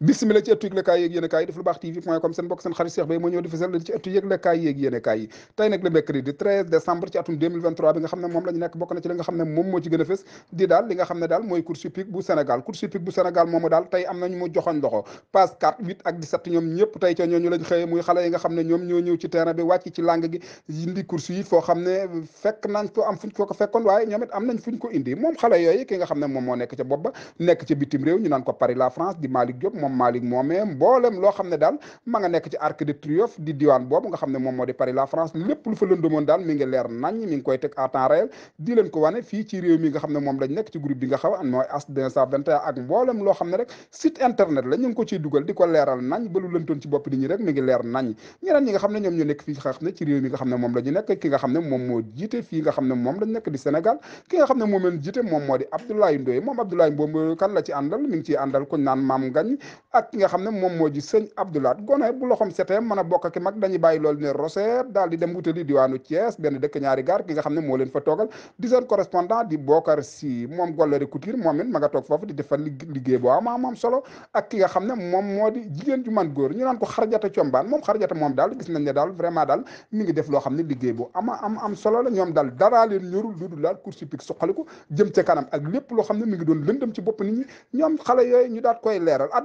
bismillah ci ëttu yëglekaay yeeg yéenekaay yi def lu baax tv point com seen bokk seen xarit Cheikh Bay moo ñëw tey nag le mercredi 13 décembre ci atum 2023 nga xam ne moom a ne daal lañ ñoo ñëw ci terrain bi am fuñ ko fekkoon waaye ñoom it am nañ ko indi moom xale yooyu ki nga xam ne moom moo nekk ca bopp ba nekk ca bitim réew ñu naan ko Paris la France di Malick Diop moom Malick moomee mboolem loo xam ne daal ma nga nekk ci arc de triomphe di diwaan boobu nga xam ne moom moo di Paris la France lépp lu fa lëndëmoon daal mi leer nañ mi koy teg à temps ko wane fii ci réew mi nga xam ne moom lañ nekk ci groupe bi nga xam mooy loo ne rek site internet la ñu leer nañ ñeneen ñi nga xam ne ñoom ñu nekk ne ci réew mi nga xam ne moom la ñu nekk ki nga xam ne moom moo jiite fii nga xam ne moom lañ nekk di Sénégal ki nga xam ne moom leen jiite moom moo di Abdoulaye Ndoye moom Abdoulaye ci àndal mi kuñ naan maam gañ ak ki nga xam ne moom moo ji sëñ Abdoulaat gone bu loxom setee mën a mag dañuy bàyyi loolu ne roseet daal di dem wutali diwaanu Thiès benn dëkk ñaari gaar ki nga xam ne moo leen fa toogal di seen correspondant di Bokar Si moom Golare Couture moom it toog foofu di def loo xam ne liggéey bu ama am solo la ñoom daal daraa leen ñorul lu dul daal course hippique suqaliku jëm ca ak lépp loo xam ne mi ngi doon lëndëm ci bopp nit ñoom xale yooyu ñu daat koy leeral at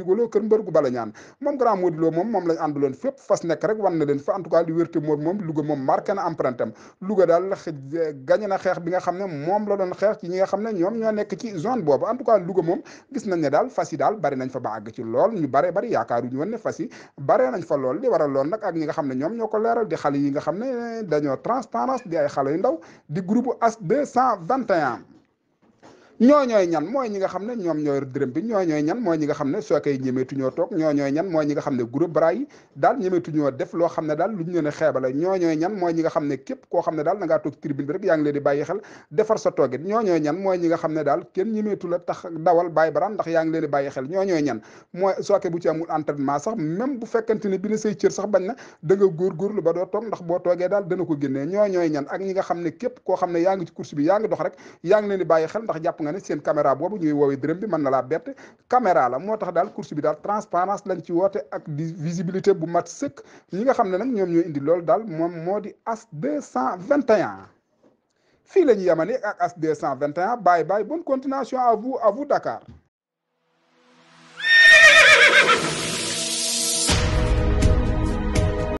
ligoloo kër mbër gu bala ñaan moom grand Modou Lo moom na leen fa daal eh, gañe xeex bi xam ne moom la xeex ci ñi xam ne ñoom ñoo nekk ci zone boobu en tout moom gis nañ ne daal fas yi daal bari nañ fa ba àgg ci lool ñu bare bari yaakaaruñu woon ne fas yi bare nañ fa lool li waral lool nag ak ñi xam ne ñoom ñoo ko leeral di xale yi nga xam ne dañoo transparence di ay xale yu ndaw di groupe as 221 ñoo ñooy ñan mooy ñi nga xam ne ñoom ñooy ñoo ñooy ñan mooy ñi nga xam ne soo koy ñemeetuñoo toog ñoo ñooy ne groupe bras yi daal ñemeetuñoo def loo xam ne daal lu ñu xeebale ñoo ñooy ñan mooy ñi nga xam ne képp koo xam ne daal na ngaa toog tribune bi rek yaa ngi leen di xel defar ñan mooy ñi xam ne daal kenn ñemeetu la tax dawal bàyyi baraan yaa ngi leen di bàyyi xel ñoo ñooy ñan mooy soo ko bu ci amul entraînement sax même bu ne bi la say cër na da nga góorgóorlu ba doo toog ndax boo toogee ñoo ñooy ñan ak ñi nga xam ne képp koo xam ne yaa ngi ci course bi yaa ngi dox rek yaa ngi leen di xel ndax jàpp nga nga ne seen caméra boobu ñuy woowee dërëm bi mën na laa bett caméra la moo tax daal course bi daal transparence lañ ci woote ak di visibilité bu mat sëkk ñi nga xam ne nag ñoom ñoo indi loolu daal moom moo di as 221 fii la ñu yemane ak as 221 bye bye bonne continuation à vous à vous Dakar